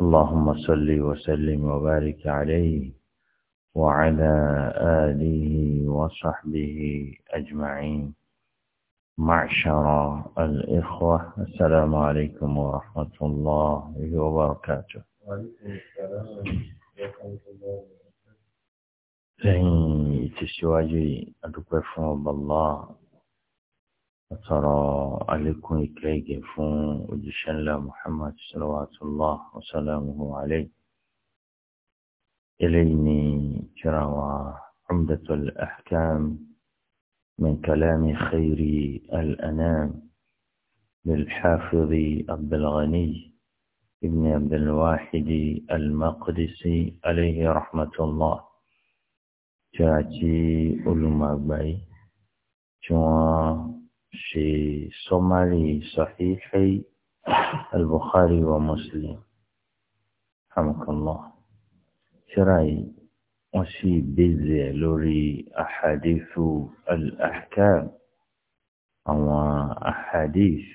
اللهم صل وسلم وبارك عليه وعلى آله وصحبه أجمعين معشر الإخوة السلام عليكم ورحمة الله وبركاته lẹ́yìn ìtẹ̀síwájú yìí adúpẹ́ fún àtọ̀rọ̀ àlékún ìkẹ́ ìgẹ̀ fún òjíṣẹ́ ńlá Muhammad salawatullah wa salamuhu alayhi eléyìí ni tírà wa Umdatul Ahkam min kalami khayri al-anam للحافظ عبد الغني ابن عبد الواحد المقدسي عليه رحمة الله جاءتي علماء بي جوان ṣe sọmárì sahihai al-Bukhari wa Muslim hamakallah ṣíra yìí wọ́n sì bèzè ẹ̀ lórí ahadithu al-ahkam àwọn ahadith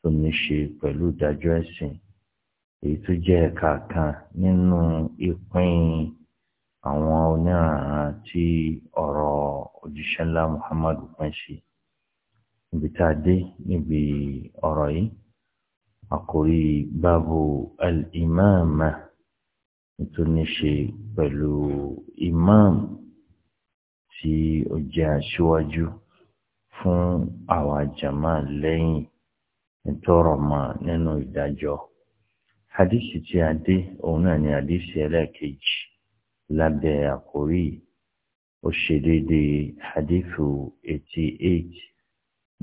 tó ní ṣe pẹ̀lú ìdájọ́ ẹ̀sìn èyí tó jẹ́ ẹ̀ka kan nínú ìpín àwọn oníranran tí ọ̀rọ̀ òjíṣẹ́lá Muhammadu pín sí ibi tá a dé níbi ọ̀rọ̀ yìí àkórí báàbò al-imama tó ní ṣe pẹ̀lú imam tí ó jẹ́ aṣíwájú fún àwa jama lẹ́yìn ìtọ́rọ̀ mọ́ nínú ìdájọ́ hadisi tí a dé òun náà ni hadisi ẹlẹ́ẹ̀kejì lábẹ́ àkórí ó ṣe déédéé hadithu eighty eight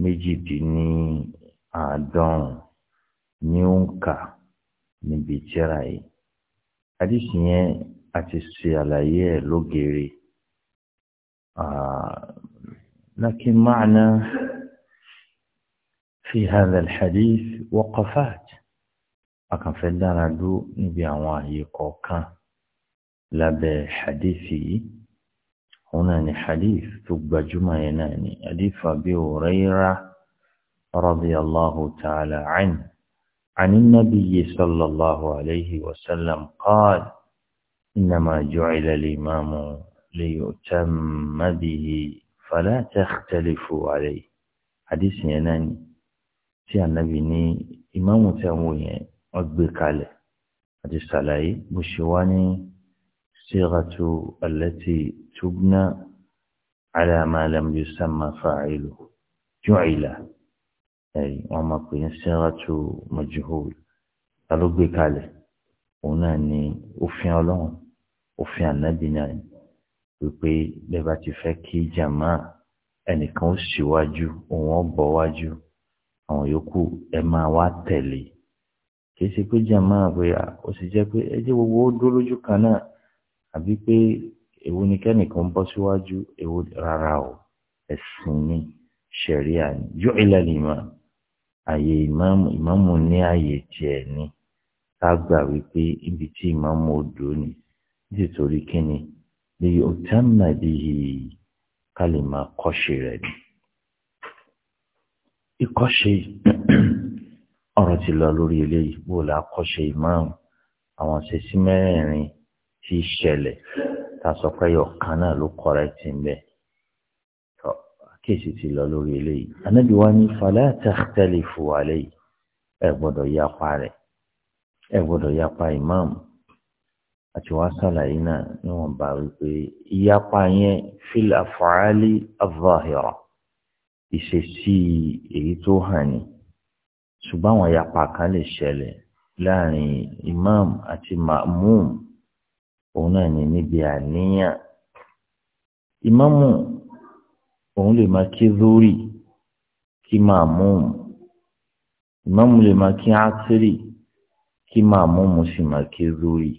méjìdínláàádọ́rùn ní òǹkà níbi tíra yìí àdìsí yẹn a ti ṣe àlàyé ẹ̀ lógeere لكن معنى في هذا الحديث وقفات akan fẹ́ dára dúró níbi àwọn àyè kọ̀ọ̀kan lábẹ́ hadithi yìí òun náà ni hadith tó gbajúmọ̀ yẹn náà ni hadith Abi Hurairah radiyallahu ta'ala anhu عن النبي صلى الله عليه وسلم قال إنما جعل الإمام ليؤتم به فلا تختلفوا عليه حديث يناني tí ànábì ní ìmáàmù tí àwọn èèyàn wọn gbé kalẹ̀ àti ṣàlàyé bó ṣe wá ní ṣíratù allati يبنى على ما لم يسمى فاعله جعل أي وما قيل صيغة مجهول ألوبي كالي هنا ni òfin ọlọ́run òfin ànábì náà ni wípé bẹ́ẹ̀ bá ti fẹ́ kí jàmá ẹnìkan ó síwájú òun ó bọ̀ wájú àwọn yòókù ẹ máa wá tẹ̀lé kì ṣe pé jàmá pé ó sì jẹ́ pé ẹ gbogbo ó dó lójú kan náà àbí pé èwo ni kẹ́nìkan bọ́ síwájú èwo rárá o ẹ̀sìn ni ṣẹ̀ríà ni yóò ilẹ̀ ìmọ̀ àyè ìmáàmù ìmáàmù ní àyè tiẹ̀ ni ká gbà wípé ibi tí ìmáàmù odò ni nítorí kíni lè òtẹ́mà bíi ká lè máa kọ́ṣe rẹ̀ ni. ìkọ́ṣe ọ̀rọ̀ ti lọ lórí eléyìí bó la kọ́ṣe ìmáàmù àwọn ṣe sí mẹ́rẹ̀ẹ̀rin tí ṣẹlẹ̀ ká sọ pé ọ̀kan náà ló kọ́ra ti ń bẹ̀ tọ́ kéèsì ti lọ lórí eléyìí anábì wa ní fala takhtalifu alayhi ẹ gbọ́dọ̀ yapa rẹ̀ ẹ gbọ́dọ̀ yapa ìmáàmù àti wàá sàlàyé náà níwọ̀n wípé ìyapa yẹn fil af'ali az ìṣesí èyí tó hàn ní ṣùgbọ́n àwọn ìyapa kan lè ṣẹlẹ̀ láàrin imam àti ma'mum. òun náà ní níbi àníyàn ìmáàmù òun lè máa kí lórí kí màmúùmù ìmáàmù lè máa kí ásírì kí màmúùmù sì máa kí lórí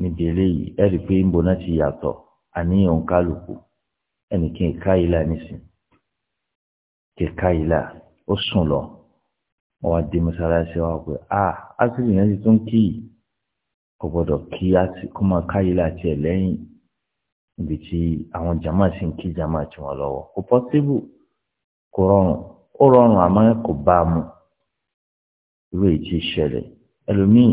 níbi eléyìí ẹ rí i pé ń náà ti yàtọ̀ àníyàn kálukú ẹnì kí n ká yìí là nísìn kí n ká yìí là ó sùn lọ wọn wá dé mọ́sálásí wa pé a ah, yẹn ti tún kí kò gbọ́dọ̀ kí kó máa káyé láti ẹ̀ lẹ́yìn ibi tí àwọn jama sì ń kí jama tí wọ́n lọ́wọ́ kò pọ́síbù kò rọrùn ó rọrùn àmọ́ kò bá a mu irú èyí tí ṣẹlẹ̀ ẹlòmíì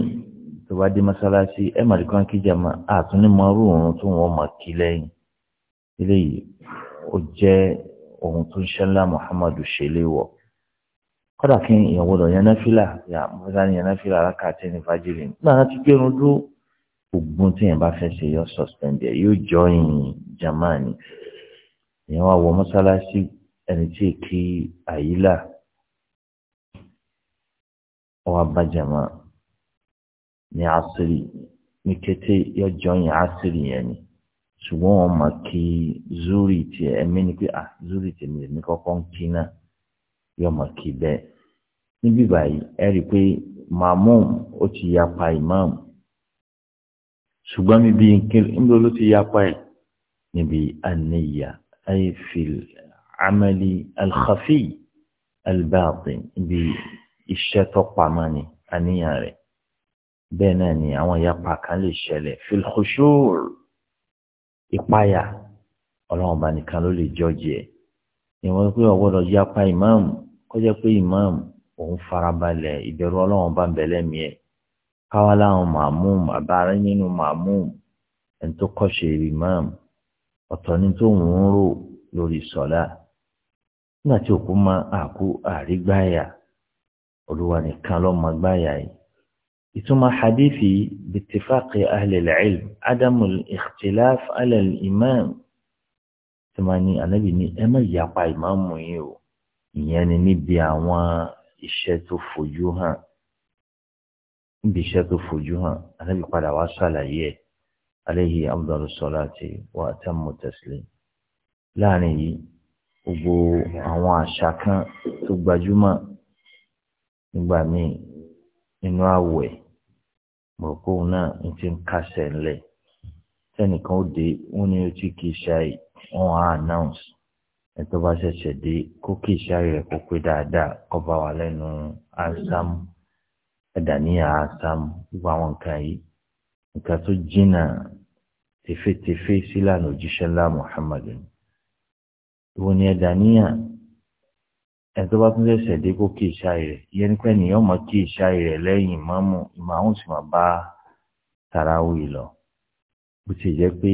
tó bá dé mọ́sálásí ẹ̀ màdì kan kí jama àtúní mọ irú òun tó wọ́n máa kí lẹ́yìn eléyìí ó jẹ́ ohun tó ń ṣẹlá Muhammadu ṣe léwọ̀ kódà kí èèyàn gbọdọ̀ yan náfìlà yà mọ́tà ni yan náfìlà aláka àti ẹni fàjìrì nígbà láti gbẹrun dúró ogun tí èèyàn bá fẹ́ ṣe yọ sọ̀spẹ̀ndì ẹ̀ yóò jọ ìyìn jamani èèyàn wá wọ mọ́sálásí ẹni tí kí àyílà ọwọ́ abájàmá ní asiri ní kété yọ jọ ìyìn asiri yẹn ni ṣùgbọ́n wọn mọ̀ kí zuri tiẹ̀ ẹ̀mí ni pé ah zuri tèmi lèmi kọ́kọ́ ń kí náà yọ mọ̀ kí bẹ́ẹ̀ níbí báyìí ẹ rí i pé mamum ó ti yapa imam ṣùgbọ́n níbi ńlọ ló ti yapa ẹ̀ níbi aniya ayé fil amali alxafi albaatin níbi iṣẹ́ tó pamọ́ ni àníyàn rẹ̀ bẹ́ẹ̀ náà ni àwọn ìyapa kan lè ṣẹlẹ̀ fil khushur ìpayà ọlọ́run bá nìkan ló lè jọ́jì ẹ̀ ìwọ̀n pé ọ̀gbọ́dọ̀ yapa imam kọjá pé imam òun farabalẹ̀ ìbẹ̀rù ọlọ́run bá ń bẹ lẹ́mìí ẹ̀ káwá láwọn màmúùm àbára nínú màmúùm ẹni tó kọ́ṣe ìmáàmù ọ̀tọ̀ ni tó ń rò lórí sọ́lá nígbà tí òkú máa àkú àrígbáyà olúwa nìkan ló mọ gbáyà yìí ìtumọ̀ hadithi bitifaqi ahlil ilm adamu ikhtilaf alal imam tí wọ́n ní anábì ní ẹ má yapa ìmáàmù yìí o ìyẹn ni níbi àwọn iṣẹ́ tó fojú hàn níbi iṣẹ́ tó fojú hàn anábì padà wá ṣàlàyé ẹ̀ aléhi abdul salati wa atamu taslim láàrin yìí gbogbo àwọn àṣà kan tó gbajúmọ̀ nígbà míì nínú àwẹ̀ mọ̀kóhùn náà ń ti ń kásẹ̀ ńlẹ̀ tẹnìkan ó dé wọn ni ó ti kì í ṣe àwọn announce ẹ̀tọ́ bá ṣẹ̀ṣẹ̀ dé kókè ìṣáré rẹ̀ kó pé dáadáa kó bá wà lẹ́nu ásámù ẹ̀dàníyà ásámù gbogbo àwọn nǹkan yìí nǹkan tó jìnnà tẹfẹtẹfẹ sílànà òjíṣẹ́ ńlá Muhammad ni ìwọ ni ẹ̀dàníyà ẹ̀tọ́ bá tún ṣẹ̀ṣẹ̀ dé kókè ìṣáré rẹ̀ yẹn ní pẹ́ nìyẹn ọmọ kí ìṣáré rẹ̀ lẹ́yìn ìmáàmù ìmáàmù sì máa bá tarawih lọ bó ti jẹ́ pé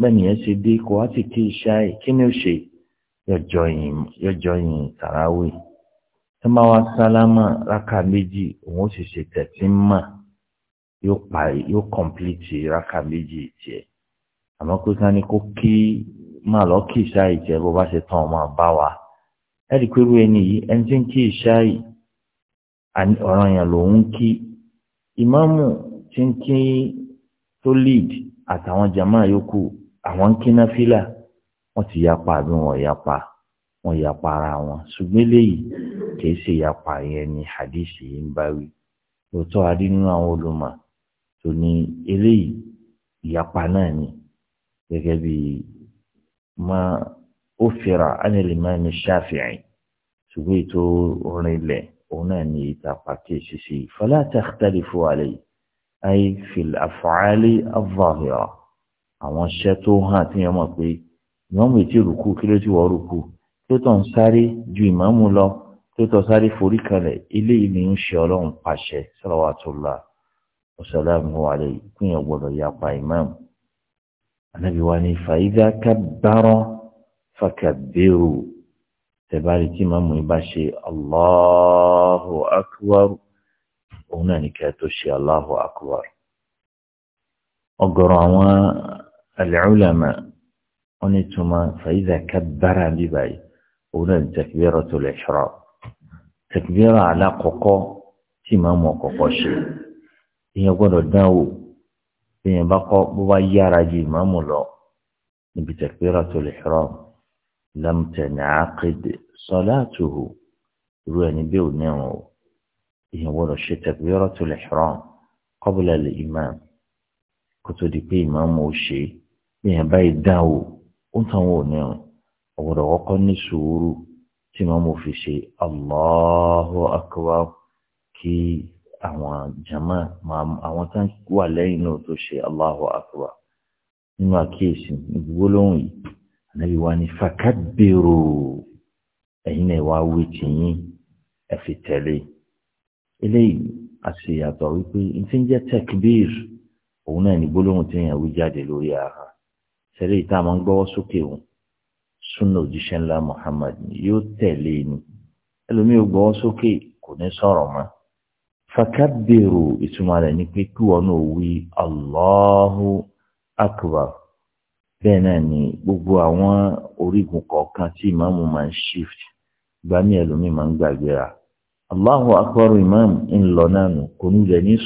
bẹ́ẹ̀ nìyẹn ṣe dé kó wá sì kí ìṣáré kí ni ó ṣe yọjọ yìn tàràwì tó máa wá sálámà rákà méjì òun ó sì ṣe tẹ̀sí mà yóò parí yóò kọ̀m̀plìtì rákà méjì tiẹ̀ àmọ́ pé ká ní kó kí máa lọ kí ìṣáì tiẹ̀ bó bá ṣe tán ọmọ bá wa ẹ̀rí pé irú ẹni yìí ẹni tí ń kí ìṣáì ọ̀ràn yẹn lòun kí ìmáàmù tí ń kí tó lead àtàwọn jàmáà yòókù àwọn ń kí náfìlà wọ́n ti yapa àbí wọ́n yapa wọ́n yapa ara wọn ṣùgbọ́n eléyìí kìí ṣe yapa yẹn ni hadith yìí ń bá wí lóòótọ́ adé nínú àwọn olùmọ̀ tó ní eléyìí ìyapa náà ni gẹ́gẹ́ bí ma ó fira ánìlímọ́ ní ṣáfìrì ṣùgbọ́n ètò orinlẹ̀ òun náà ni ìta pàkíyèsí sí i fala takhtalifu alayhi ay fil af'ali adh-dhahira àwọn iṣẹ́ tó hàn tí wọ́n mọ̀ pé ìmọ̀mù ètí rùkú kí ló ti wọ́ rùkú tó tọ̀ ń sáré ju ìmọ̀mù lọ tó tọ̀ sáré forí kalẹ̀ eléyìí ni ń ṣe ọlọ́run pàṣẹ salawatullah wasalamu alayhi kínyàn gbọ́dọ̀ yapa ìmọ̀mù. anabi wa ni fàyídà kabbara fakabbiru tẹ̀bárí tí ìmọ̀mù yìí bá ṣe Allahu akbar òun náà ní kẹ́ẹ̀ tó ṣe Allahu akbar. ọ̀gọ̀rọ̀ àwọn al wọ́n ní túmọ̀ fàyíza kábàrà bí báyìí òun náà takbiratul ihram takbira alákọ̀ọ́kọ́ tí màá mọ̀ kọ̀kọ́ ṣe èèyàn gbọ́dọ̀ dán wò èèyàn bá kọ́ bó bá yára ju ìmáàmù lọ níbi takbiratul ihram lam tanaqid salatuhu irú ẹni bí ò ní ẹ̀wọ̀n o èèyàn gbọ́dọ̀ ṣe takbiratul ihram qabla al-imam kó tó di pé ìmáàmù ó ṣe èèyàn báyìí dán ó ń tàn wọ́n ní ọ̀run ọ̀gbọ̀dọ̀ kọ́kọ́ ní sùúrù tí wọ́n mú fi ṣe Allahu akbar kí àwọn jama àwọn tán wà lẹ́yìn náà tó ṣe Allahu akbar nínú àkíyèsí gbólóhùn yìí ànábi wa ní fàkàbèrò ẹ̀yin náà wá wí tìyín ẹ fi tẹ̀lé eléyìí àṣeyàtọ̀ wípé n ń jẹ́ tẹ̀kbír òun náà ní gbólóhùn tí èèyàn wí jáde lórí ara sẹ́lẹ̀ ìta àwọn gbọ́wọ́ sókè wọn súnà òjíṣẹ́ ńlá Muhammad yóò tẹ̀lé e ni ẹlòmíì gbọ́wọ́ sókè kò ní sọ̀rọ̀ mọ́ fakabiru ìtumọ̀ rẹ̀ ni pé kí wọn náà wí Allahu akbar bẹ́ẹ̀ náà ni gbogbo àwọn orígun kọ̀ọ̀kan tí ìmáàmù máa ń shift gba ní ẹlòmíì máa ń gbàgbéra Allahu imam ìmáàmù ńlọ náà kò ní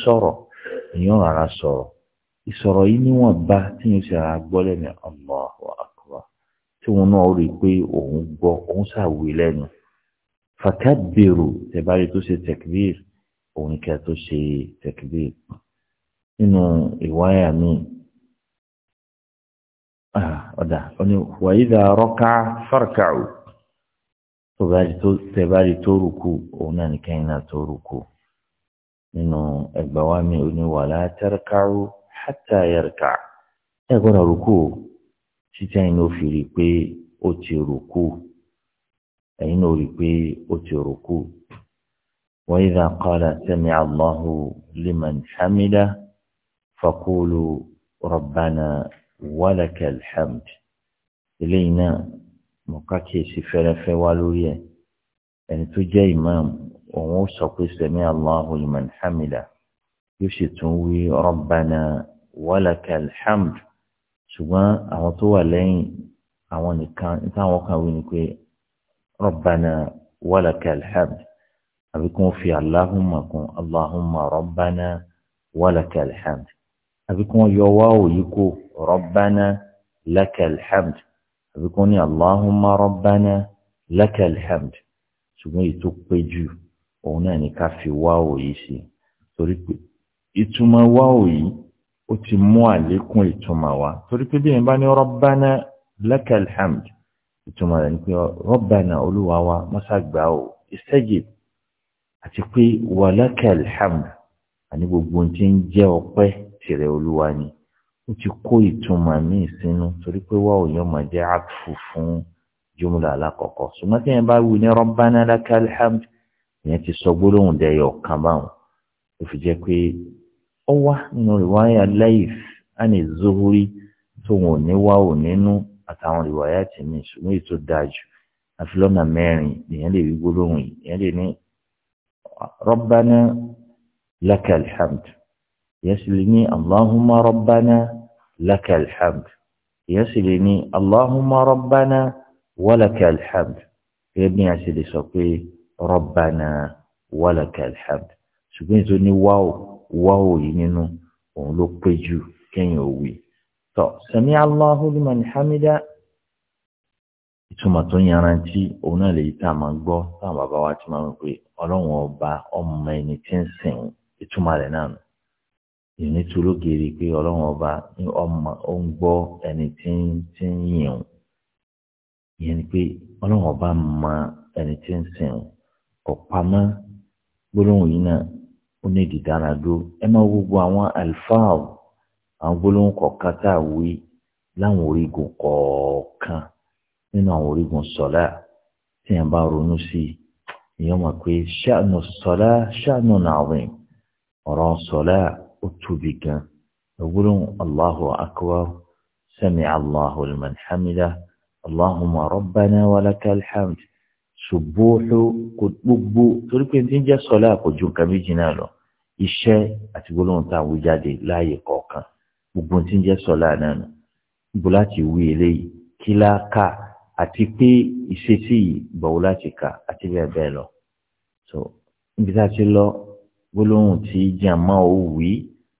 ìsọ̀rọ̀ yìí níwọ̀nba tí yóò ṣe ara gbọ́ lẹ́nu Allahu akbar tí wọn náà rí i pé òun gbọ́ òun ṣàwí lẹ́nu fàkàbèrò tẹ̀bárí tó ṣe tẹ̀kbír òun kẹ́ tó ṣe tẹ̀kbír nínú ìwáyà mi ọ̀dà ọ̀ni wàyídà rọ́ká fárkàù tẹ̀bárí tó rúkú òun náà nìkan iná tó rúkú nínú ẹgbàá wa mi òní wàlá tẹ́rkáù hàtà yẹrìkà ẹ gbọ́dọ̀ rúkú o títí ẹ̀yin ló fi rí i pé ó ti rúkú ẹ̀yin ló rí i pé ó ti rúkú. وإذا قال سمع الله لمن حمده فقولوا ربنا ولك الحمد إلينا مقاكي سفر فوالوية يعني تجي إمام وموسى سمع الله لمن حمده يشتوي ربنا wàlàkà alhamd ṣùgbọ́n àwọn tó wà lẹ́yìn àwọn nìkan táwọn kan wí ni pé rọ́bànà wàlàkà alhamd àbí kò fi aláhùnmá kún aláhùnmá rọ́bànà wàlàkà alhamd àbí kò yọ wáwò yìí kó rọ́bànà làkà alhamd àbí kò ní aláhùnmá rọ́bànà làkà alhamd ṣùgbọ́n èyí tó òun náà ni ká fi wáwò yìí sí torí pé ìtumọ̀ wáwò yìí ó ti mú àlékún ìtumọ̀ wa torí pé bí yẹn bá ní rọ́bánà lakal hamd ìtumọ̀ rẹ̀ ní pé rọ́bánà olúwa wa mọ́sàgbà o istajib àti pé wà lakal hamd àní gbogbo ohun tí ń jẹ́ ọpẹ́ tìrẹ olúwa ni ó ti kó ìtumọ̀ míì sínú torí pé wà ó yàn máa àtúfù fún jumla alákọ̀ọ́kọ́ ṣùgbọ́n tí yẹn bá wí ní rọ́bánà lakal ìyẹn ti sọ gbólóhùn dẹyọ kan báwọn ó fi jẹ́ pé ó wá nínú rìwáyà Layth àní Zuhri tó wọn ò ní wá ò nínú àtàwọn rìwáyà tì mí ṣùgbọ́n ètò dájú àfi lọ́nà mẹ́rin èèyàn lè rí gbólóhùn yìí èèyàn lè ní Rabbana lakal hamd èèyàn sì lè ní Allahumma Rabbana lakal hamd èèyàn sì lè ní Allahumma Rabbana walakal hamd gẹ́gẹ́ bí a ṣe lè sọ pé Rabbana walakal hamd ṣùgbọ́n ètò ní wáwò. wáwò yìí nínú òun ló pé jù kéèyàn òwe tọ sami Allahu liman hamida ìtumọ̀ tó yanrantí òun náà lè yí tá a gbọ́ táwọn bàbá wa ti máa ń pè ọba ọmọ ẹni tí ń sìn ìtumọ̀ rẹ̀ náà nù ìní tológere pé ọba ó ń gbọ́ ẹni ọba mọ ẹni tí ń sìn ọ̀pamọ́ ó ní ìdìdáradó ẹ máa gbogbo àwọn alfaw àwọn gbólóhùn kọ̀ọ̀kan tá a wí láwọn orígun kọ̀ọ̀kan nínú àwọn orígun sọ̀lá tí yẹn bá ronú sí i ìyẹn mọ̀ pé ṣáànù sọ̀lá ṣáànù nàwìn ọ̀rọ̀ sọ̀lá ó tóbi gan gbólóhùn Allahu akbar sami Allahu liman hamida Allahumma rabbana walakal hamd ṣùgbọ́n kò gbogbo torí pé tí ń jẹ́ sọ́lá àkójọ nǹkan méjì náà lọ iṣẹ́ àti gbólóhùn tá à ń wí jáde láàyè kọ̀ọ̀kan gbogbo tí ń jẹ́ sọ́lá náà nù níbo láti wí eléyìí kí láá kà àti pé ìṣesí yìí gbọ̀wó láti kà àti bẹ́ẹ̀ bẹ́ẹ̀ lọ. so níbi tá a ti lọ gbólóhùn tí jàmá ò wí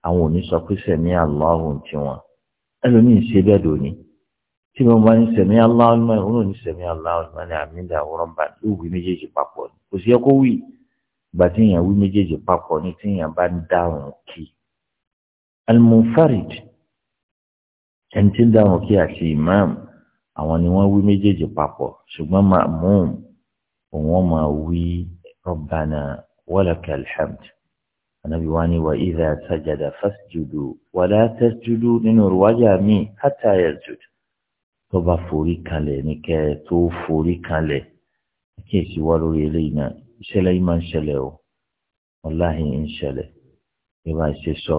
àwọn ò ní sọ pé sẹ̀mí Allahu tiwọn ẹlòmíì ṣe bẹ́ẹ̀ dòní tí mo máa ń sẹ̀mí aláwọ̀ ní ìwọ́n náà ní sẹ̀mí aláwọ̀ ní wọ́n ní àmìlẹ̀ àwòrán bá ní òwì méjèèjì papọ̀ ni kò sí ẹ kó wì ìgbà tí èèyàn wí méjèèjì papọ̀ ni tí èèyàn bá ń dáhùn kí. almunfarid ẹni tí ń dáhùn kí àti imam àwọn ni wọ́n wí méjèèjì papọ̀ ṣùgbọ́n ma'mum òun máa wí rabbana walakal hamd anabi wa ni wa idha sajada fasjudu wala tasjudu nínú ìrùwájà míì hatta yasjudu. tó bá forí kalẹ̀ ní kẹ́ ẹ tó forí kalẹ̀ kí èsì wá lórí eléyìí náà ìṣẹ̀lẹ̀ yìí máa ń ṣẹlẹ̀ o wàláhì ń ṣẹlẹ̀ ìwà ìṣe sọ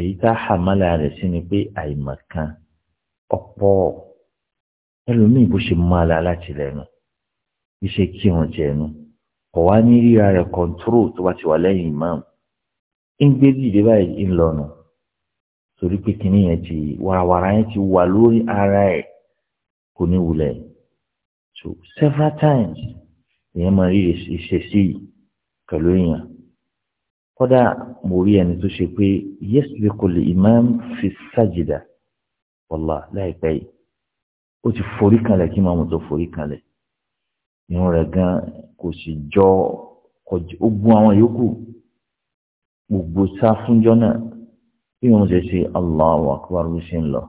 èyí tá a rẹ̀ sí ni pé àìmọ̀kan ọ̀pọ̀ ẹlòmíì bó ṣe mú ala láti lẹ́nu iṣẹ́ kí kọ̀ wá ní ríra rẹ̀ tó bá ti wà lẹ́yìn ń gbé dìde ti wàràwàrà yẹn ara ẹ̀ kò ní wulẹ̀ so several times èèyàn máa rí ìṣesí pẹ̀lú èèyàn kódà mo rí ẹni tó ṣe pé yasbiqu al-imam fi sajida wàllá láìpẹ́ yìí ó ti forí kanlẹ̀ kí màmú tó forí kanlẹ̀ irun rẹ̀ gan kò sì jọ ó gún àwọn yòókù gbogbo sáfúnjọ́ náà bí wọ́n ṣe ṣe Allahu akbar ló ṣe ń lọ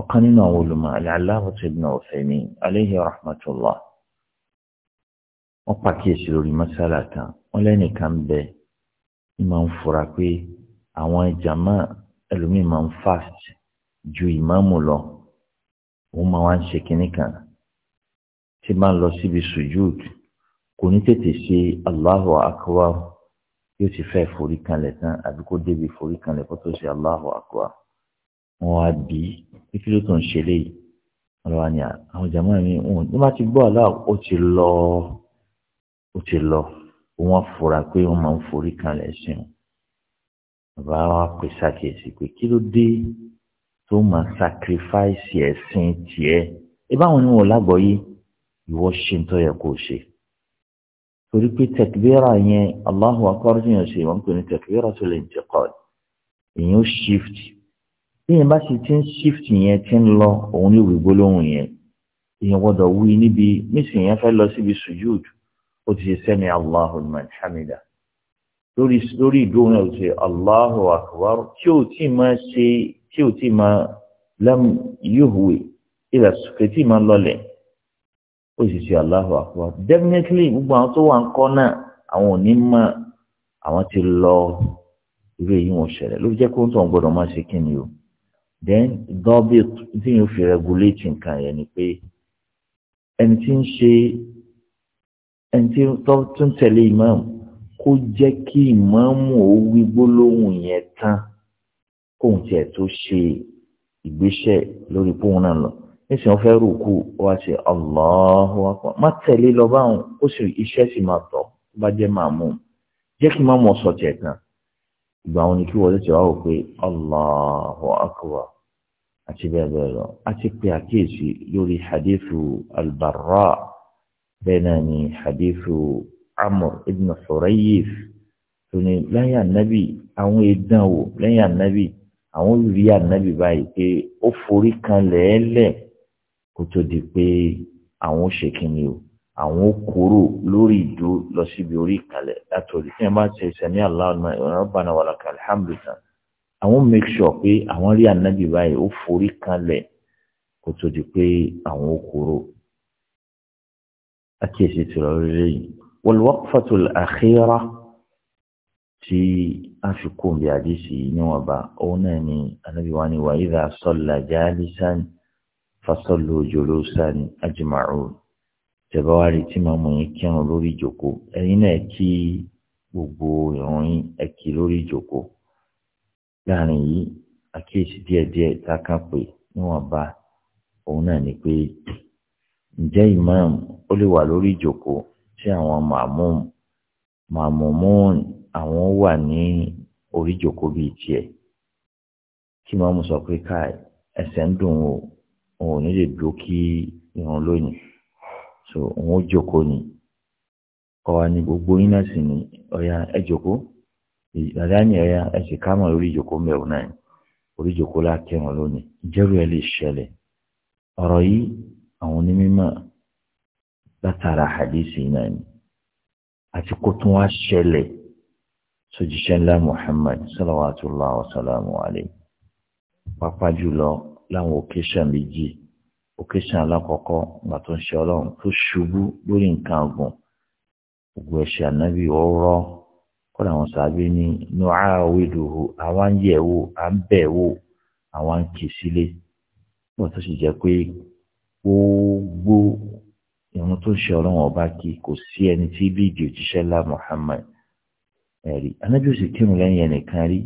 ọ̀kan nínú àwọn olùmọ̀ al-Allamah Ibn Uthaymeen alayhi rahmatullah wọ́n pàkíyèsí lórí masala kan wọ́n lẹ́nìkan bẹ ní máa ń fura pé àwọn jàmá ẹlòmíì máa ń fast ju ìmáàmù lọ òun máa wá ń ṣe kinní kan tí máa ń lọ síbi sujud kò ní tètè ṣe Allahu akbar yóò ti fẹ́ forí kanlẹ̀ tán àbí kó débi forí kanlẹ̀ kó tó ṣe Allahu akbar wọn á bí kí ló tó ń ṣe léyìí ọlọ́wà ni àwọn jàmọ́ mi wọn ní bá ti gbọ́ aláwọ̀ ó ti lọ ó ti lọ wọn fura pé wọn máa ń forí kanlẹ̀ sí wọn bàbá wa pè ṣàkíyèsí pé kí ló dé tó máa sacrifice ẹ̀sìn tiẹ̀ ẹ báwọn ni wọn lágbọ́ yìí ìwọ ṣe ń tọ́ yẹ kó ṣe torí pé tẹkbíra yẹn Allahu akbar yẹn ṣe wọn pè ní tẹkbíra tó lè jẹ kọ́ ẹ̀yìn ó shift èèyàn bá sì ti ń shift yẹn ti ń lọ òun ní ìwé gbólóhùn yẹn èèyàn gbọ́dọ̀ wí níbi nísìnyí yẹn fẹ́ lọ síbi sujud ó ti ṣe sẹ́mi Allahu man hamida lórí lórí ìdóhùn náà ó ti ṣe Allahu akbar tí ò tí máa ṣe tí ò tí máa lam yuhwe ìlà sùkè tí máa lọlẹ̀ ó sì ṣe Allahu akbar definitely gbogbo àwọn tó wà ń kọ́ náà àwọn ò ní mọ̀ àwọn ti lọ irú èyí wọn ṣẹlẹ̀ ló jẹ́ kó ń tàn gbọ́dọ̀ máa ṣe kí ni o then dọ́bì tí yóò fi regulate nǹkan yẹn ni pé ẹni tí ń ṣe ẹni tí tó ń tẹ̀lé ìmáàmù kó jẹ́ kí ìmáàmù ó wí gbólóhùn yẹn tán kóun tiẹ̀ tó ṣe ìgbésẹ̀ lórí póun náà lọ nísìnyí wọ́n fẹ́ rúkú wá sí Allahu Akbar má tẹ̀lé lọ báwọn ó sì iṣẹ́ sì máa tọ̀ bá jẹ́ màmú jẹ́ kí màmú ọ̀sọ̀ tiẹ̀ kan ìgbà wọn ni kí wọlé ti wá wò pé Allahu akbar àti bẹ́ẹ̀ bẹ́ẹ̀ lọ a ti pe àkíyèsí lórí hadithu albarra bẹ́ẹ̀ náà ni hadithu amr ibn surayif tó ní lẹ́yìn anabi àwọn èdè wò lẹ́yìn anabi àwọn rí anabi báyìí pé ó forí kan lẹ́ẹ̀lẹ́ kó tó di pé àwọn ó ṣe kí o àwọn ó kúrò lórí ìdó lọ síbi orí ìkàlẹ̀ látòrí tí wọ́n bá ń ṣe ìsẹ̀mí aláwọ̀ rabbana wa lakal hamdu tán àwọn make sure pé àwọn rí ànábì báyìí ó forí kanlẹ̀ kó tó di pé àwọn ó kúrò. àkíyèsí tìrọ rere yìí wal waqfatul tí a fi kó bí àdìsí níwọ̀nba òun náà ni ànábì wa ni wa idha salla jalisan fasallu julusan ajma'un. tẹ́bá wá rí tí màmú yín kírun lórí ìjòkó ẹ̀yin náà kí gbogbo ìrun yín ẹ kí lórí ìjòkó láàrin yìí àkíyèsí díẹ̀díẹ̀ tá a kàn pé níwọ̀nba òun pé ǹjẹ́ imam ó lè wà lórí ìjòkó tí àwọn màmúm màmúmún àwọn wà ní orí ìjòkó bíi tiẹ̀ kí màmú sọ pé ẹsẹ̀ so òun ó jókòó ni ọ̀wà ni gbogbo yín sì ni ọ̀yà ẹ jókòó dàdá ni ọ̀yà ẹ sì ká mọ̀ lórí ìjókòó mẹ́rin náà orí ìjókòó lákẹ́rùn lónìí ìjẹ́rù ẹ lè ṣẹlẹ̀ ọrọ yìí àwọn látara hadisi náà ni àti kó tún wá ṣẹlẹ̀ sójíṣẹ́ ńlá Muhammad salawatullah wa salamu alayhi pàápàá jùlọ láwọn òkèṣà méjì. occasion alákọ̀ọ́kọ́ ìgbà tó ń ṣe ọlọ́run tó ṣubú lórí nǹkan ọ̀gbìn gbogbo ẹ̀ṣẹ̀ ànábì ọ̀rọ̀ kọ́dà àwọn sàbí ní inú àwìdòwò àwa ń yẹ̀ wò à ń bẹ̀ wò àwa ń kì sílé bó tó sì jẹ́ pé gbogbo ìrun tó ń ṣe ọlọ́run ọba kí kò sí ẹni tí bí ìdí òjíṣẹ́ lá Muhammad ẹ̀rí ànábì òsì kírun lẹ́yìn ẹnìkan rí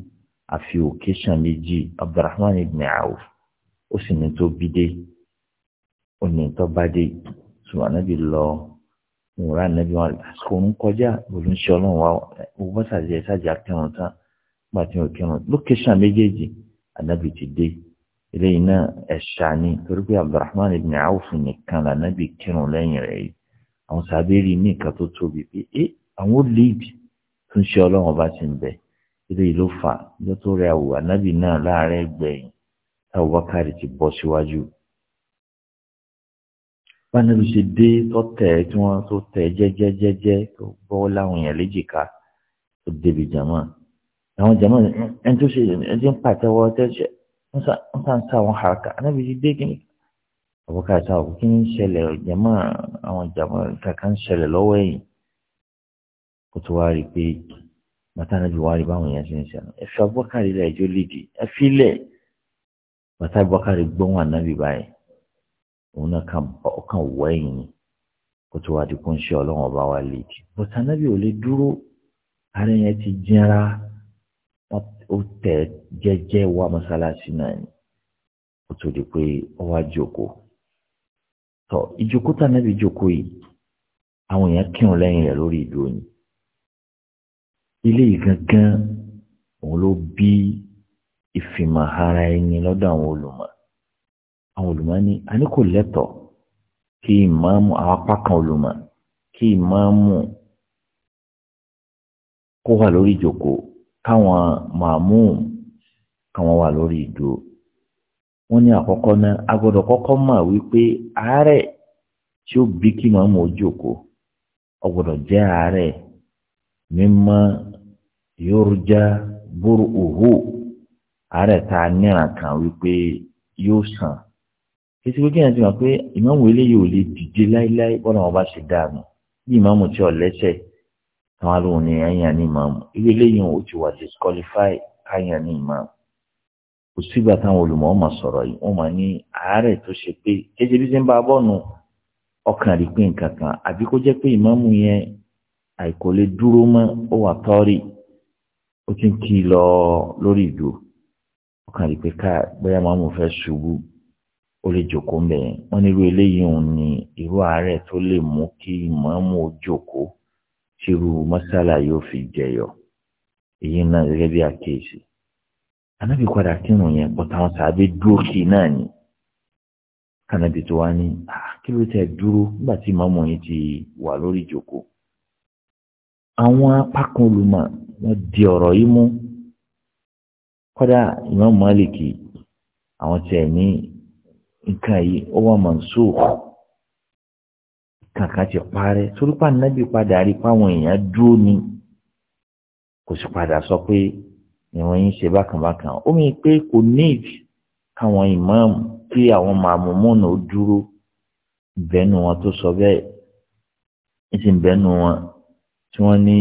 àfi occasion méjì Abdurrahman ibn Auf ó sì ní tó bí dé òní tó bá dé ṣùgbọ́n anábì lọ ìwòrán anábì wọn àsìkò ń kọjá olùṣe ọlọ́run wa owó bá ṣàjẹ ṣàjà kírun tán gbà tí wọn kírun lókèṣàn méjèèjì anábì ti dé eléyìí náà ẹ̀ṣà ni torí pé abdulrahman ibn awf nìkan lànàbì kírun lẹ́yìn rẹ̀ yìí àwọn sàbẹ̀rì ní nǹkan tó tóbi pé ẹ àwọn lead tó ń ṣe ọlọ́run ọba ti ń bẹ eléyìí ló fà lọ́tọ́ rẹ̀ àwò anábì náà láàárẹ̀ gbẹ̀yìn táwọn bákàrí ti bọ́ síwájú bánàbí ṣe dé tọ́tẹ̀ tí wọ́n tó tẹ̀ jẹ́jẹ́jẹ́jẹ́ tó gbọ́wọ́ láwọn èèyàn léjìká tó débi jàmá àwọn jàmá ẹni tó ṣe ẹni tó ń pàtẹ́wọ́ tẹ́ṣẹ̀ ń sá ń sá àwọn haraka anábì ti dé kí ni àbúkà sá òkú kí ni ń ṣẹlẹ̀ jàmá àwọn jàmá kàkà ń ṣẹlẹ̀ lọ́wọ́ ẹ̀yìn kó tó wá rí i pé bàtà anábì wá rí báwọn èèyàn ṣe ń ṣẹlẹ̀ ẹ̀fẹ́ àbúkà rí ilẹ̀ ẹjọ́ lídìí ẹ̀fílẹ̀ bàtà àbúkà rí gbọ́n òun náà kàn ọkàn wọ ẹ̀yìn kó tó wá di kó ń ṣe ọlọ́run ọba wa lè jì bọ́tà nábì ò lè dúró ara yẹn ti jẹra ó tẹ̀ jẹ́jẹ́ wá mọ́sálásí náà ni kó tó di pé ó wá jókòó tọ ìjókòó tà nábì jókòó yìí àwọn èèyàn kírun lẹ́yìn rẹ̀ lórí ìdúró ni ilé yìí òun ló bí ìfìmọ̀ ara ẹni lọ́dọ̀ àwọn olùmọ̀ àwọn olùmọ̀ ní a ní kò lẹ́tọ̀ọ́ kí ìmáàmù àwọn apá kan olùmọ̀ kí mú kó wà lórí ìjòkó káwọn màmúù káwọn wà lórí ìdó wọ́n ní àkọ́kọ́ náà a gbọ́dọ̀ kọ́kọ́ mọ̀ wípé àárẹ̀ tí ó bí kí jẹ́ àárẹ̀ mímọ́ yorùjá búrú òhù kìsì pé kíyàn ti mọ̀ pé ìmáàmù eléyìí ò lè dìde láíláí bọ́lá wọn bá ṣe dáàmú bí ìmáàmù tí ò lẹ́sẹ̀ àwọn alóhùn ni àyàn ní ìmáàmù irú eléyìí ò ti wà disqualify káyàn ní ìmáàmù kò sígbà táwọn olùmọ̀ ọmọ sọ̀rọ̀ yìí wọ́n mọ̀ ní àárẹ̀ tó ṣe pé kéṣe bí ṣe ń bá bọ́ọ̀nù ọkàn rí pé nǹkan kan àbí kó jẹ́ pé ìmáàmù yẹn àìkò lè dúró mọ́ lọ lórí ìdò ọkàn rí pé ká fẹ́ ó lè jòkó ń bẹ̀ yẹn wọ́n ní irú eléyìí òun ni irú àárẹ̀ tó lè mú kí ìmọ̀ọ́mù ó jòkó tírú mọ́sálà yóò fi jẹyọ èyí náà gẹ́gẹ́ bí àkíyèsí anábì padà kírun yẹn pọ̀tà àwọn sàbẹ̀ dúró kì í náà ni kànábì tó wá ní kí ló tẹ̀ dúró nígbà tí ìmọ̀ọ́mù yìí ti wà lórí ìjòkó àwọn apá olùmọ̀ wọ́n di ọ̀rọ̀ yìí mú kọ́dà Imam Málìkì àwọn tiẹ̀ ní nǹkan yìí ó wà mọ̀nsóòkù kàkà ti parẹ́ torípa nábì padà rí páwọn èèyàn dúró ni kò sì padà sọ pé ìwọ̀n yìí ṣe bákànbákàn ó mi pé kò níìdì káwọn ìmáàmù kí àwọn màmúmúnà ó dúró ìbẹ́nu wọn tó sọ bẹ́ẹ̀ ìsì ìbẹ́nu wọn tí wọ́n ní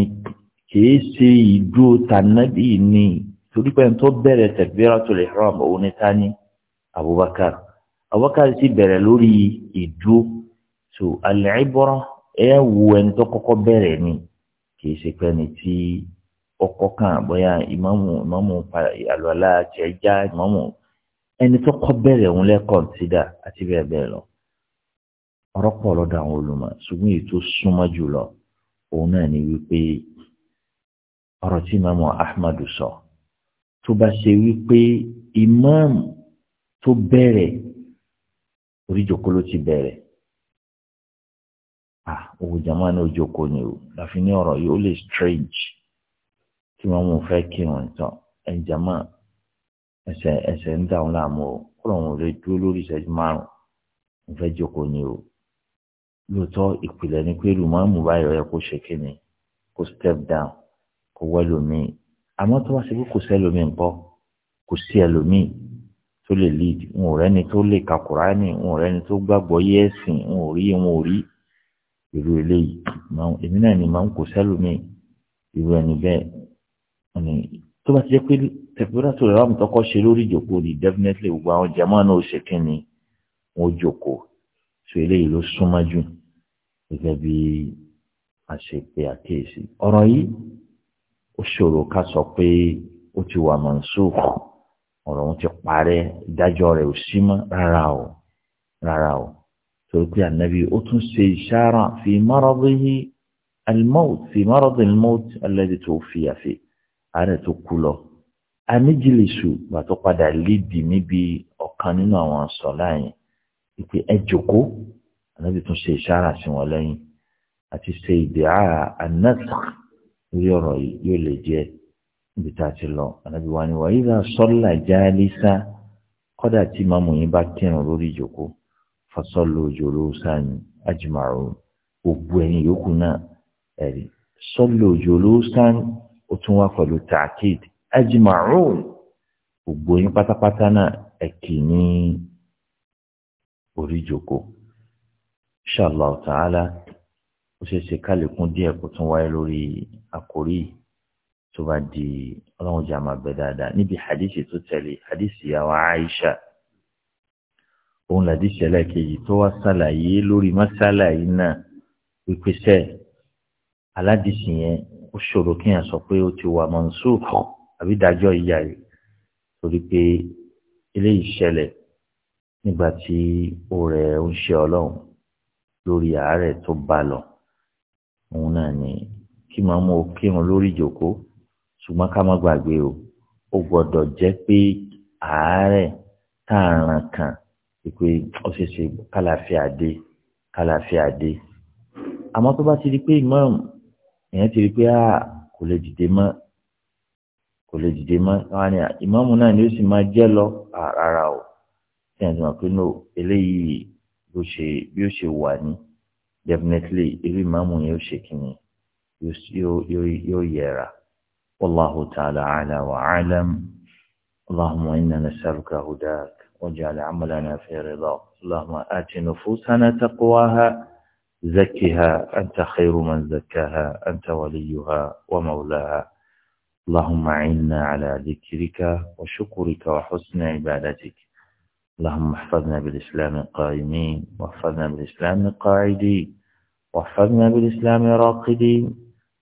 kìí ṣe ìdúró tànábì ni torípa ẹni tó bẹ̀rẹ̀ takbiratul ihram òun ní tání Abubakar. Abubakar sì bẹ̀rẹ̀ lórí ìdúró so alẹ́ ìbọ̀rọ̀ ẹ wo ẹni tó kọ́kọ́ bẹ̀rẹ̀ ni kì í ṣe pé ẹni tí ọkọ̀ kan bóyá ìmáàmù ìmáàmù àlọ́lá tiẹ̀ já ìmáàmù ẹni tó kọ́ bẹ̀rẹ̀ òun lẹ́kọ̀ọ́ ti dà àti bẹ́ẹ̀ bẹ́ẹ̀ lọ. ọ̀rọ̀ pọ̀ lọ́dọ̀ àwọn olùmọ̀ ṣùgbọ́n èyí tó súnmọ́ jùlọ òun náà ni wípé ọ̀rọ̀ tí ìmáàmù Ahmadu sọ tó bá ṣe wípé ìmáàmù tó bẹ̀rẹ̀ orí ìjòkó ló ti bẹ̀rẹ̀ à owó jama ní ojoko ni o láfi ní ọ̀rọ̀ yìí ó lè strange tí wọ́n mú fẹ́ kírun tán ẹ̀ jama ẹsẹ̀ ẹsẹ̀ ń dáhùn láàmú o kúrò wọn lè dúró lórí ìṣẹ́jú márùn ún fẹ́ jòkó ni o lóòótọ́ ìpìlẹ̀ ni pé lùmọ́ọ́mù báyọ̀ ẹ kó ṣe kíni kó step down kó wẹ́lòmíì àmọ́ tó wá sí pé kò sẹ́lòmíì ń bọ́ kò sí ẹlòmíì tó lè lead n ò rẹ́ni tó lè ka kùránì n ò rẹ́ni tó gbàgbọ́ yé ẹ̀sìn n ò rí n ò rí irú eléyìí èmi náà ni màá ń kó sẹ́lómi irú ẹni bẹ́ẹ̀ ọ̀nì tó bá ti jẹ́ pé tẹ̀pẹ́rẹ́ tó rẹ̀ wà mí tọ́kọ́ ṣe lórí ìjòkó ni definitely gbogbo àwọn jàmá náà ó ṣe kí ni wọ́n jòkó so eléyìí ló súnmọ́ jù gẹ́gẹ́ bí a ṣe pe àkíyèsí ọ̀rọ̀ yìí ó ṣòro ká sọ pé ó ti wà mọ̀ ọ̀rọ̀ òun ti parẹ́ ìdájọ́ rẹ̀ ò sí mọ́ rárá o rárá o torí pé ànábì ó tún ṣe ìṣára fi maradihi al-maut fi maradi al-maut alladhi tuwfiya fi àárẹ̀ tó kú lọ aníjìlèṣù gbàtọ́ padà lédi níbi ọ̀kan nínú àwọn sọ̀lá yẹn ìpè ẹ jókòó ànábì tún ṣe ìṣára sí wọn lẹ́yìn àti ṣe ìdè àrà lórí ọ̀rọ̀ yìí yóò lè jẹ́ níbi tá a ti lọ ànábi wa ni wàyí la sọ́là kọ́dà tí màmú yín bá kírun lórí ìjòkó fasọ́lù julusan ajma'u ògbó ẹ̀yìn yòókù náà ẹ̀rí sọ́lù julusan ó tún wá pẹ̀lú ta'kid ajma'u ògbó yín pátápátá náà ẹ̀kì ní orí ìjòkó inshallah ta'ala ó ṣeé ṣe tó bá di ọlọ́run jẹ́ àmà bẹ̀ dáadáa níbi hadithi tó tẹ̀lé hadithi àwọn Aisha òun làdísì ẹlẹ́kejì tó wá ṣàlàyé lórí mọ́sálà yìí náà ìpèsè aládìsí yẹn ó ṣòro kéèyàn sọ pé ó ti wà mansukh àbí dájọ́ ìyá rẹ̀ torí pé eléyìí ṣẹlẹ̀ nígbà tí ó rẹ̀ ń ṣe ọlọ́run lórí àárẹ̀ tó bá lọ òun náà ni kí màmú o kírun lórí ìjòkó ṣùgbọ́n ká má gbàgbé o ó gbọ́dọ̀ jẹ́ pé àárẹ̀ tààràn kan pé ó ṣe ṣe kálàfíà dé kálàfíà dé àmọ́ tó bá ti di pé imam èèyàn ti rí pé a kò lè dìde mọ́ kò lè dìde mọ́ wọn ni imam náà ni ó sì máa jẹ́ lọ rárá o ṣé ẹ̀ ti mọ̀ pé no eléyìí bó ṣe bí ó ṣe wà ní definitely irú imam yẹn ó ṣe kìíní yóò yẹra. والله تعالى أعلى وأعلم اللهم إنا نسألك هداك واجعل عملنا في رضاك اللهم آت نفوسنا تقواها زكها أنت خير من زكاها أنت وليها ومولاها اللهم عنا على ذكرك وشكرك وحسن عبادتك اللهم احفظنا بالإسلام قائمين واحفظنا بالإسلام قاعدين واحفظنا بالإسلام راقدين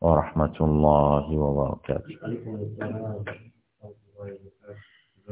ورحمة الله وبركاته